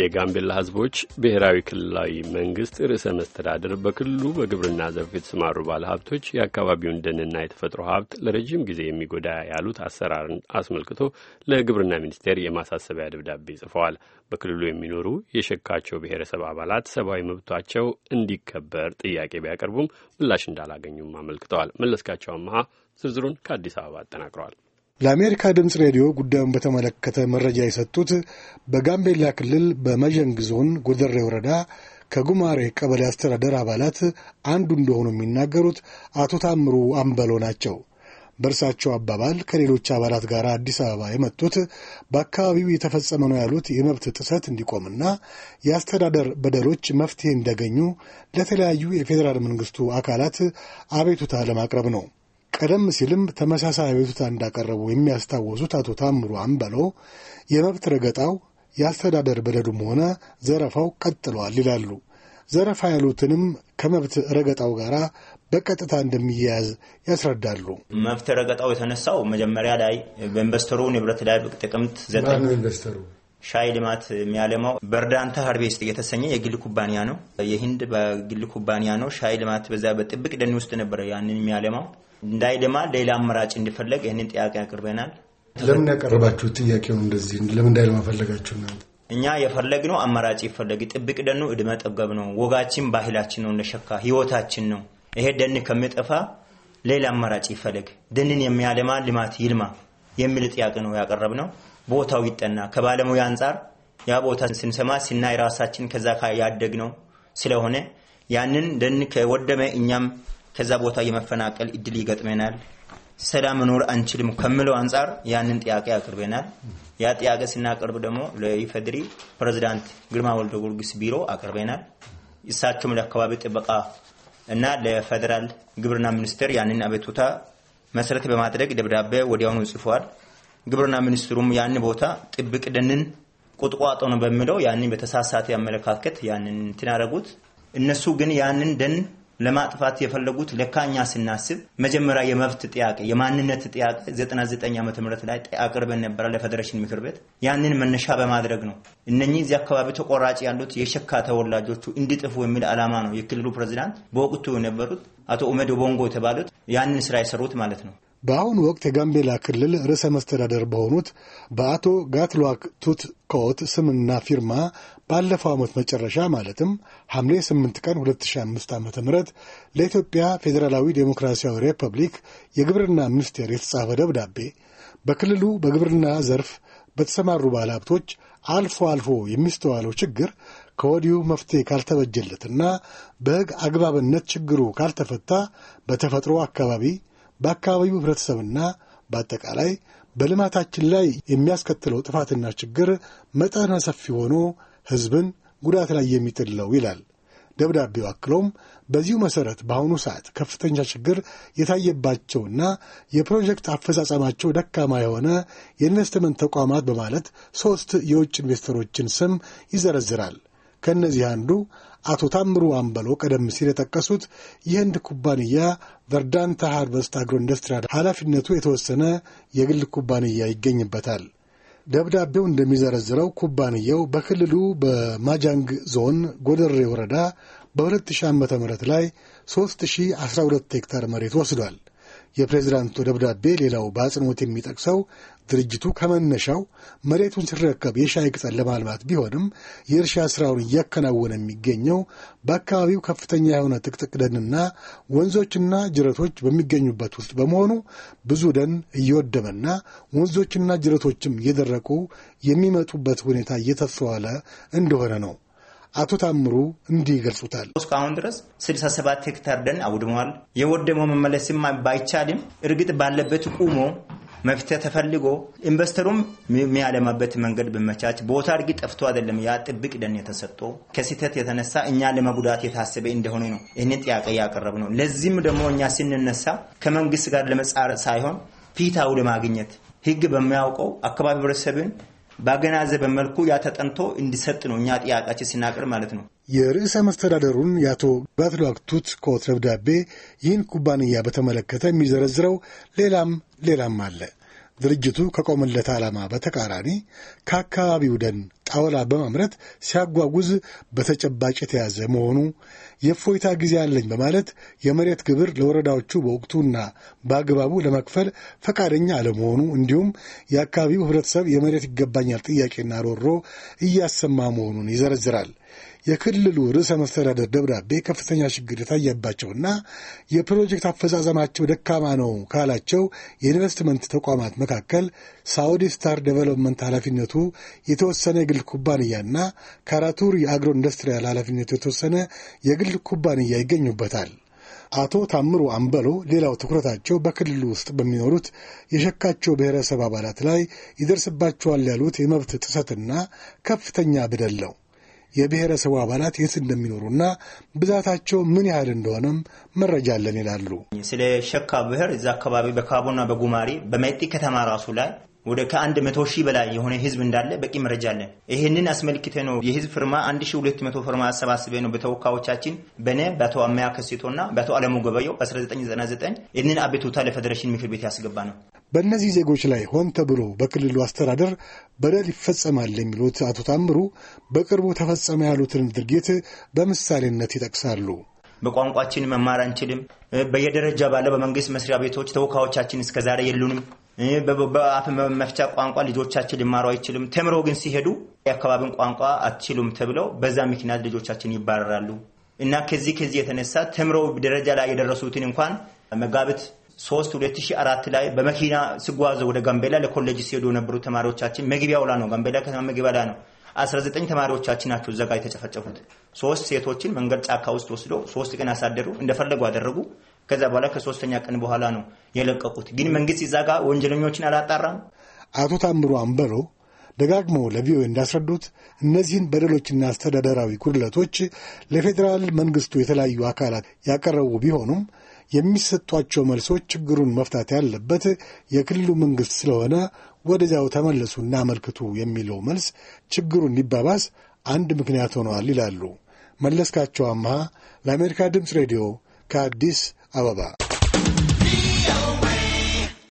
የጋምቤላ ህዝቦች ብሔራዊ ክልላዊ መንግስት ርዕሰ መስተዳድር በክልሉ በግብርና ዘርፍ የተሰማሩ ባለሀብቶች የአካባቢውን ደንና የተፈጥሮ ሀብት ለረጅም ጊዜ የሚጎዳ ያሉት አሰራርን አስመልክቶ ለግብርና ሚኒስቴር የማሳሰቢያ ደብዳቤ ጽፈዋል። በክልሉ የሚኖሩ የሸካቸው ብሔረሰብ አባላት ሰብአዊ መብቷቸው እንዲከበር ጥያቄ ቢያቀርቡም ምላሽ እንዳላገኙም አመልክተዋል። መለስካቸው አመሀ ዝርዝሩን ከአዲስ አበባ አጠናቅረዋል። ለአሜሪካ ድምፅ ሬዲዮ ጉዳዩን በተመለከተ መረጃ የሰጡት በጋምቤላ ክልል በመዠንግ ዞን ጎደሬ ወረዳ ከጉማሬ ቀበሌ አስተዳደር አባላት አንዱ እንደሆኑ የሚናገሩት አቶ ታምሩ አምበሎ ናቸው። በእርሳቸው አባባል ከሌሎች አባላት ጋር አዲስ አበባ የመጡት በአካባቢው የተፈጸመ ነው ያሉት የመብት ጥሰት እንዲቆምና የአስተዳደር በደሎች መፍትሄ እንዲያገኙ ለተለያዩ የፌዴራል መንግስቱ አካላት አቤቱታ ለማቅረብ ነው። ቀደም ሲልም ተመሳሳይ አቤቱታ እንዳቀረቡ የሚያስታወሱት አቶ ታምሩ አምበሎ የመብት ረገጣው የአስተዳደር በደዱም ሆነ ዘረፋው ቀጥሏል ይላሉ። ዘረፋ ያሉትንም ከመብት ረገጣው ጋር በቀጥታ እንደሚያያዝ ያስረዳሉ። መብት ረገጣው የተነሳው መጀመሪያ ላይ በኢንቨስተሩ ንብረት ላይ ጥቅምት ዘጠኝ ኢንቨስተሩ ሻይ ልማት የሚያለማው በእርዳንታ ሀርቤስት የተሰኘ የግል ኩባንያ ነው። የህንድ በግል ኩባንያ ነው። ሻይ ልማት በዛ በጥብቅ ደን ውስጥ ነበረ ያንን የሚያለማው። እንዳይለማ ሌላ አማራጭ እንዲፈለግ ይህንን ጥያቄ አቅርበናል። ለምን ያቀረባችሁ ጥያቄውን? እንደዚህ ለምን እንዳይለማ ፈለጋችሁ? እኛ የፈለግነው አማራጭ ይፈለግ። ጥብቅ ደኑ እድመ ጠገብ ነው። ወጋችን፣ ባህላችን ነው። እንደሸካ ህይወታችን ነው። ይሄ ደን ከሚጠፋ ሌላ አማራጭ ይፈለግ። ደንን የሚያለማ ልማት ይልማ የሚል ጥያቄ ነው ያቀረብ ነው። ቦታው ይጠና። ከባለሙያ አንጻር ያ ቦታ ስንሰማ ስናይ ራሳችን ከዛ ያደግ ነው ስለሆነ ያንን ደን ከወደመ እኛም ከዛ ቦታ የመፈናቀል እድል ይገጥመናል። ሰላም መኖር አንችልም ከምለው አንጻር ያንን ጥያቄ አቅርበናል። ያ ጥያቄ ስናቀርብ ደግሞ ለኢፌዴሪ ፕሬዝዳንት ግርማ ወልደ ጊዮርጊስ ቢሮ አቅርበናል። እሳቸውም ለአካባቢ ጥበቃ እና ለፌዴራል ግብርና ሚኒስቴር ያንን አቤቱታ መሰረት በማድረግ ደብዳቤ ወዲያውኑ ጽፏል። ግብርና ሚኒስትሩም ያን ቦታ ጥብቅ ደንን ቁጥቋጦ ነው በሚለው ያንን በተሳሳተ አመለካከት ያንን እንትን ያደረጉት እነሱ ግን ያንን ደን ለማጥፋት የፈለጉት ለካኛ ስናስብ መጀመሪያ የመብት ጥያቄ የማንነት ጥያቄ 99 ዓመተ ምህረት ላይ አቅርበን ነበረ ለፌዴሬሽን ምክር ቤት ያንን መነሻ በማድረግ ነው። እነኚህ እዚህ አካባቢ ተቆራጭ ያሉት የሸካ ተወላጆቹ እንዲጥፉ የሚል ዓላማ ነው የክልሉ ፕሬዚዳንት በወቅቱ የነበሩት አቶ ኡመድ ቦንጎ የተባሉት ያንን ስራ የሰሩት ማለት ነው። በአሁኑ ወቅት የጋምቤላ ክልል ርዕሰ መስተዳደር በሆኑት በአቶ ጋትሏክ ቱት ኮት ስምና ፊርማ ባለፈው ዓመት መጨረሻ ማለትም ሐምሌ 8 ቀን 2005 ዓ ም ለኢትዮጵያ ፌዴራላዊ ዴሞክራሲያዊ ሪፐብሊክ የግብርና ሚኒስቴር የተጻፈ ደብዳቤ በክልሉ በግብርና ዘርፍ በተሰማሩ ባለሀብቶች አልፎ አልፎ የሚስተዋለው ችግር ከወዲሁ መፍትሄ ካልተበጀለትና በሕግ አግባብነት ችግሩ ካልተፈታ በተፈጥሮ አካባቢ በአካባቢው ህብረተሰብና በአጠቃላይ በልማታችን ላይ የሚያስከትለው ጥፋትና ችግር መጠነ ሰፊ ሆኖ ህዝብን ጉዳት ላይ የሚጥል ነው ይላል ደብዳቤው። አክሎም በዚሁ መሠረት በአሁኑ ሰዓት ከፍተኛ ችግር የታየባቸውና የፕሮጀክት አፈጻጸማቸው ደካማ የሆነ የኢንቨስትመንት ተቋማት በማለት ሦስት የውጭ ኢንቨስተሮችን ስም ይዘረዝራል። ከእነዚህ አንዱ አቶ ታምሩ አምበሎ ቀደም ሲል የጠቀሱት የህንድ ኩባንያ ቨርዳንታ ሃርቨስት አግሮ ኢንዱስትሪያል ኃላፊነቱ የተወሰነ የግል ኩባንያ ይገኝበታል። ደብዳቤው እንደሚዘረዝረው ኩባንያው በክልሉ በማጃንግ ዞን ጎደሬ ወረዳ በ2000 ዓ ም ላይ 3012 ሄክታር መሬት ወስዷል። የፕሬዝዳንቱ ደብዳቤ ሌላው በአጽንኦት የሚጠቅሰው ድርጅቱ ከመነሻው መሬቱን ሲረከብ የሻይ ቅጠል ለማልማት ቢሆንም የእርሻ ስራውን እያከናወነ የሚገኘው በአካባቢው ከፍተኛ የሆነ ጥቅጥቅ ደንና ወንዞችና ጅረቶች በሚገኙበት ውስጥ በመሆኑ ብዙ ደን እየወደመና ወንዞችና ጅረቶችም እየደረቁ የሚመጡበት ሁኔታ እየተስተዋለ እንደሆነ ነው። አቶ ታምሩ እንዲህ ይገልጹታል። እስካሁን ድረስ 67 ሄክታር ደን አውድመዋል። የወደመው መመለስም ባይቻልም እርግጥ ባለበት ቁሞ መፍትሄ ተፈልጎ ኢንቨስተሩም የሚያለማበት መንገድ ብመቻች ቦታ እርግጥ ጠፍቶ አይደለም። ያ ጥብቅ ደን የተሰጦ ከስህተት የተነሳ እኛ ለመጉዳት የታሰበ እንደሆነ ነው ይህን ጥያቄ ያቀረብ ነው። ለዚህም ደግሞ እኛ ስንነሳ ከመንግስት ጋር ለመጻረር ሳይሆን ፊታው ለማግኘት ህግ በሚያውቀው አካባቢ ህብረተሰብን ባገናዘበ መልኩ ያተጠንቶ እንዲሰጥ ነው እኛ ጥያቄያችን ስናቀርብ ማለት ነው። የርዕሰ መስተዳደሩን የአቶ ባትሏክቱት ኮት ደብዳቤ ይህን ኩባንያ በተመለከተ የሚዘረዝረው ሌላም ሌላም አለ። ድርጅቱ ከቆመለት ዓላማ በተቃራኒ ከአካባቢው ደን ጣውላ በማምረት ሲያጓጉዝ በተጨባጭ የተያዘ መሆኑ የእፎይታ ጊዜ አለኝ በማለት የመሬት ግብር ለወረዳዎቹ በወቅቱና በአግባቡ ለመክፈል ፈቃደኛ አለመሆኑ እንዲሁም የአካባቢው ሕብረተሰብ የመሬት ይገባኛል ጥያቄና ሮሮ እያሰማ መሆኑን ይዘረዝራል። የክልሉ ርዕሰ መስተዳደር ደብዳቤ ከፍተኛ ችግር የታየባቸውና የፕሮጀክት አፈጻጸማቸው ደካማ ነው ካላቸው የኢንቨስትመንት ተቋማት መካከል ሳውዲ ስታር ዴቨሎፕመንት ኃላፊነቱ የተወሰነ የግል ኩባንያና ካራቱር የአግሮ ኢንዱስትሪያል ኃላፊነቱ የተወሰነ የግል ኩባንያ ይገኙበታል። አቶ ታምሩ አምበሎ ሌላው ትኩረታቸው በክልሉ ውስጥ በሚኖሩት የሸካቸው ብሔረሰብ አባላት ላይ ይደርስባቸዋል ያሉት የመብት ጥሰትና ከፍተኛ በደል ነው። የብሔረሰቡ አባላት የት እንደሚኖሩና ብዛታቸው ምን ያህል እንደሆነም መረጃ አለን ይላሉ። ስለ ሸካ ብሔር እዛ አካባቢ በካቦና በጉማሬ በመጤ ከተማ ራሱ ላይ ወደ ከአንድ መቶ ሺህ በላይ የሆነ ህዝብ እንዳለ በቂ መረጃ አለን። ይህንን አስመልክተ ነው የህዝብ ፍርማ 1200 ፍርማ አሰባስበ ነው በተወካዮቻችን በነ በአቶ አማያ ከሴቶና በአቶ አለሙ ገበየው በ1999 ይህንን አቤቱታ ለፌዴሬሽን ምክር ቤት ያስገባ ነው። በእነዚህ ዜጎች ላይ ሆን ተብሎ በክልሉ አስተዳደር በደል ይፈጸማል የሚሉት አቶ ታምሩ በቅርቡ ተፈጸመ ያሉትን ድርጊት በምሳሌነት ይጠቅሳሉ። በቋንቋችን መማር አንችልም። በየደረጃ ባለው በመንግስት መስሪያ ቤቶች ተወካዮቻችን እስከዛሬ የሉንም። በአፍ መፍቻ ቋንቋ ልጆቻችን ሊማሩ አይችልም። ተምሮ ግን ሲሄዱ የአካባቢን ቋንቋ አትችሉም ተብለው በዛ ምክንያት ልጆቻችን ይባረራሉ እና ከዚህ ከዚህ የተነሳ ተምረው ደረጃ ላይ የደረሱትን እንኳን መጋብት ሶስት ሁለት ሺህ አራት ላይ በመኪና ስጓዘ ወደ ጋምቤላ ለኮሌጅ ሲሄዱ የነበሩ ተማሪዎቻችን መግቢያው ላይ ነው። ጋምቤላ ከተማ መግቢያ ላይ ነው። ዘጠኝ ተማሪዎቻችን ናቸው እዛ ጋር የተጨፈጨፉት። ሶስት ሴቶችን መንገድ ጫካ ውስጥ ወስዶ ሶስት ቀን አሳደሩ፣ እንደፈለጉ አደረጉ። ከዛ በኋላ ከሶስተኛ ቀን በኋላ ነው የለቀቁት። ግን መንግስት እዛ ጋር ወንጀለኞችን አላጣራም። አቶ ታምሩ አምበሮ ደጋግሞ ለቪኦኤ እንዳስረዱት እነዚህን በደሎችና አስተዳደራዊ ጉድለቶች ለፌዴራል መንግስቱ የተለያዩ አካላት ያቀረቡ ቢሆኑም የሚሰጧቸው መልሶች ችግሩን መፍታት ያለበት የክልሉ መንግሥት ስለሆነ ወደዚያው ተመለሱና አመልክቱ የሚለው መልስ ችግሩን ሊባባስ አንድ ምክንያት ሆነዋል ይላሉ። መለስካቸው አምሃ ለአሜሪካ ድምፅ ሬዲዮ ከአዲስ አበባ